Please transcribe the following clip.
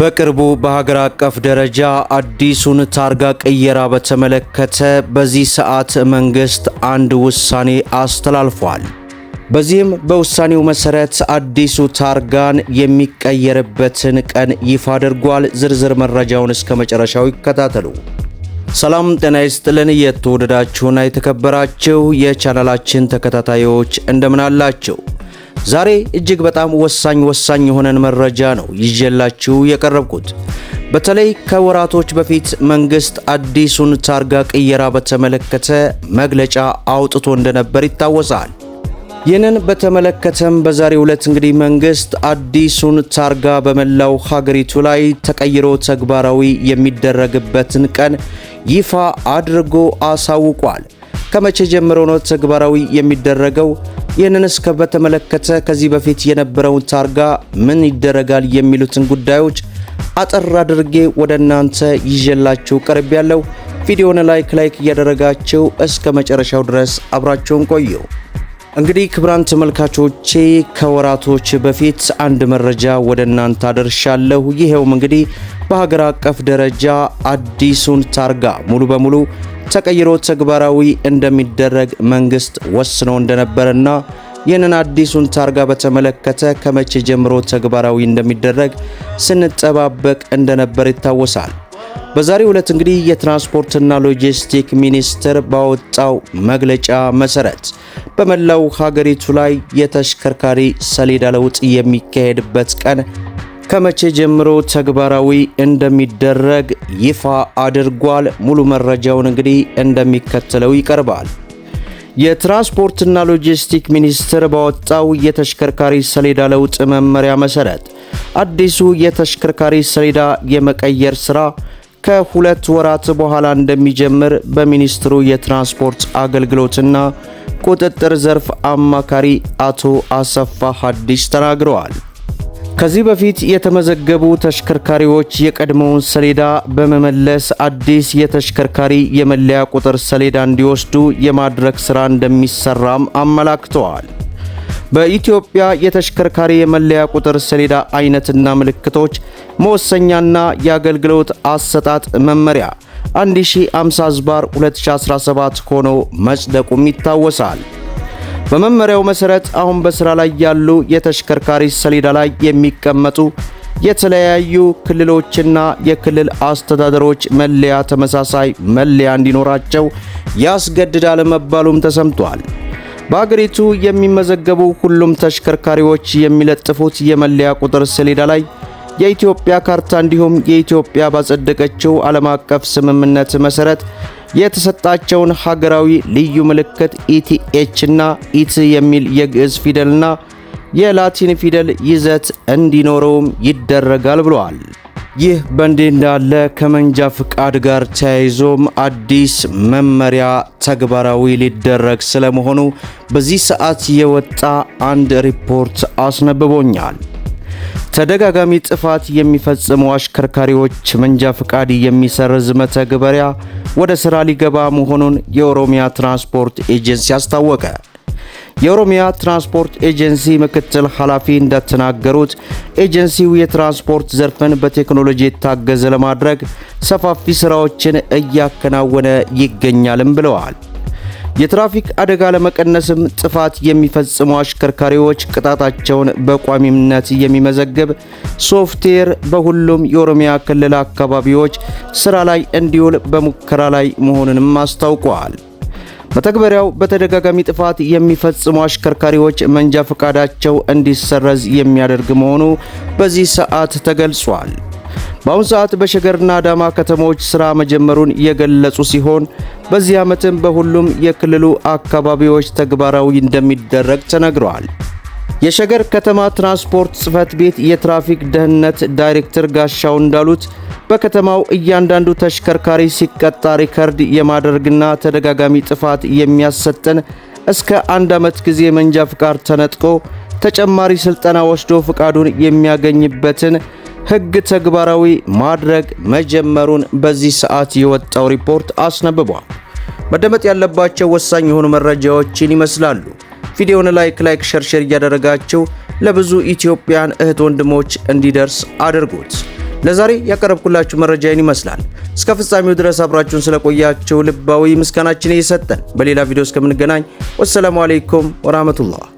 በቅርቡ በሀገር አቀፍ ደረጃ አዲሱን ታርጋ ቅየራ በተመለከተ በዚህ ሰዓት መንግስት አንድ ውሳኔ አስተላልፏል። በዚህም በውሳኔው መሰረት አዲሱ ታርጋን የሚቀየርበትን ቀን ይፋ አድርጓል። ዝርዝር መረጃውን እስከ መጨረሻው ይከታተሉ። ሰላም ጤና ይስጥልን። የተወደዳችሁና የተከበራችሁ የቻናላችን ተከታታዮች እንደምን አላችሁ? ዛሬ እጅግ በጣም ወሳኝ ወሳኝ የሆነን መረጃ ነው ይዤላችሁ የቀረብኩት። በተለይ ከወራቶች በፊት መንግስት አዲሱን ታርጋ ቅየራ በተመለከተ መግለጫ አውጥቶ እንደነበር ይታወሳል። ይህንን በተመለከተም በዛሬው ዕለት እንግዲህ መንግስት አዲሱን ታርጋ በመላው ሀገሪቱ ላይ ተቀይሮ ተግባራዊ የሚደረግበትን ቀን ይፋ አድርጎ አሳውቋል። ከመቼ ጀምሮ ነው ተግባራዊ የሚደረገው? ይህንንስ በተመለከተ ከዚህ በፊት የነበረውን ታርጋ ምን ይደረጋል? የሚሉትን ጉዳዮች አጠር አድርጌ ወደ እናንተ ይዤላችሁ ቀርብ ያለው ቪዲዮውን ላይክ ላይክ እያደረጋችሁ እስከ መጨረሻው ድረስ አብራችሁን ቆዩ። እንግዲህ ክብራን ተመልካቾቼ ከወራቶች በፊት አንድ መረጃ ወደ እናንተ አደርሻለሁ። ይሄውም እንግዲህ በሀገር አቀፍ ደረጃ አዲሱን ታርጋ ሙሉ በሙሉ ተቀይሮ ተግባራዊ እንደሚደረግ መንግስት ወስኖ እንደነበረና ይህንን አዲሱን ታርጋ በተመለከተ ከመቼ ጀምሮ ተግባራዊ እንደሚደረግ ስንጠባበቅ እንደነበር ይታወሳል። በዛሬው ዕለት እንግዲህ የትራንስፖርትና ሎጂስቲክ ሚኒስቴር ባወጣው መግለጫ መሰረት በመላው ሀገሪቱ ላይ የተሽከርካሪ ሰሌዳ ለውጥ የሚካሄድበት ቀን ከመቼ ጀምሮ ተግባራዊ እንደሚደረግ ይፋ አድርጓል። ሙሉ መረጃውን እንግዲህ እንደሚከተለው ይቀርባል። የትራንስፖርትና ሎጂስቲክ ሚኒስቴር ባወጣው የተሽከርካሪ ሰሌዳ ለውጥ መመሪያ መሰረት አዲሱ የተሽከርካሪ ሰሌዳ የመቀየር ስራ ከሁለት ወራት በኋላ እንደሚጀምር በሚኒስትሩ የትራንስፖርት አገልግሎትና ቁጥጥር ዘርፍ አማካሪ አቶ አሰፋ ሀዲስ ተናግረዋል። ከዚህ በፊት የተመዘገቡ ተሽከርካሪዎች የቀድሞውን ሰሌዳ በመመለስ አዲስ የተሽከርካሪ የመለያ ቁጥር ሰሌዳ እንዲወስዱ የማድረግ ሥራ እንደሚሰራም አመላክተዋል። በኢትዮጵያ የተሽከርካሪ የመለያ ቁጥር ሰሌዳ አይነትና ምልክቶች መወሰኛና የአገልግሎት አሰጣጥ መመሪያ 1050 ዝባር 2017 ሆኖ መጽደቁም ይታወሳል። በመመሪያው መሰረት አሁን በስራ ላይ ያሉ የተሽከርካሪ ሰሌዳ ላይ የሚቀመጡ የተለያዩ ክልሎችና የክልል አስተዳደሮች መለያ ተመሳሳይ መለያ እንዲኖራቸው ያስገድዳል መባሉም ተሰምቷል። በአገሪቱ የሚመዘገቡ ሁሉም ተሽከርካሪዎች የሚለጥፉት የመለያ ቁጥር ሰሌዳ ላይ የኢትዮጵያ ካርታ እንዲሁም የኢትዮጵያ ባጸደቀችው ዓለም አቀፍ ስምምነት መሰረት የተሰጣቸውን ሀገራዊ ልዩ ምልክት ኢቲኤች እና ኢት የሚል የግዕዝ ፊደልና የላቲን ፊደል ይዘት እንዲኖረውም ይደረጋል ብለዋል። ይህ በእንዲህ እንዳለ ከመንጃ ፍቃድ ጋር ተያይዞም አዲስ መመሪያ ተግባራዊ ሊደረግ ስለመሆኑ በዚህ ሰዓት የወጣ አንድ ሪፖርት አስነብቦኛል። ተደጋጋሚ ጥፋት የሚፈጽሙ አሽከርካሪዎች መንጃ ፈቃድ የሚሰርዝ መተግበሪያ ወደ ስራ ሊገባ መሆኑን የኦሮሚያ ትራንስፖርት ኤጀንሲ አስታወቀ። የኦሮሚያ ትራንስፖርት ኤጀንሲ ምክትል ኃላፊ እንደተናገሩት ኤጀንሲው የትራንስፖርት ዘርፍን በቴክኖሎጂ የታገዘ ለማድረግ ሰፋፊ ስራዎችን እያከናወነ ይገኛልም ብለዋል። የትራፊክ አደጋ ለመቀነስም ጥፋት የሚፈጽሙ አሽከርካሪዎች ቅጣታቸውን በቋሚነት የሚመዘግብ ሶፍትዌር በሁሉም የኦሮሚያ ክልል አካባቢዎች ስራ ላይ እንዲውል በሙከራ ላይ መሆኑንም አስታውቋል። መተግበሪያው በተደጋጋሚ ጥፋት የሚፈጽሙ አሽከርካሪዎች መንጃ ፈቃዳቸው እንዲሰረዝ የሚያደርግ መሆኑ በዚህ ሰዓት ተገልጿል። በአሁኑ ሰዓት በሸገርና አዳማ ከተሞች ስራ መጀመሩን የገለጹ ሲሆን በዚህ ዓመትም በሁሉም የክልሉ አካባቢዎች ተግባራዊ እንደሚደረግ ተነግረዋል። የሸገር ከተማ ትራንስፖርት ጽፈት ቤት የትራፊክ ደህንነት ዳይሬክተር ጋሻው እንዳሉት በከተማው እያንዳንዱ ተሽከርካሪ ሲቀጣ ሪከርድ የማድረግና ተደጋጋሚ ጥፋት የሚያሰጠን እስከ አንድ ዓመት ጊዜ መንጃ ፍቃድ ተነጥቆ ተጨማሪ ሥልጠና ወስዶ ፍቃዱን የሚያገኝበትን ህግ ተግባራዊ ማድረግ መጀመሩን በዚህ ሰዓት የወጣው ሪፖርት አስነብቧል። መደመጥ ያለባቸው ወሳኝ የሆኑ መረጃዎችን ይመስላሉ። ቪዲዮውን ላይክ ላይክ ሸርሸር እያደረጋችሁ ለብዙ ኢትዮጵያን እህት ወንድሞች እንዲደርስ አድርጉት። ለዛሬ ያቀረብኩላችሁ መረጃን ይመስላል። እስከ ፍጻሜው ድረስ አብራችሁን ስለቆያችሁ ልባዊ ምስጋናችን እየሰጠን በሌላ ቪዲዮ እስከምንገናኝ ወሰላሙ አሌይኩም ወራህመቱላህ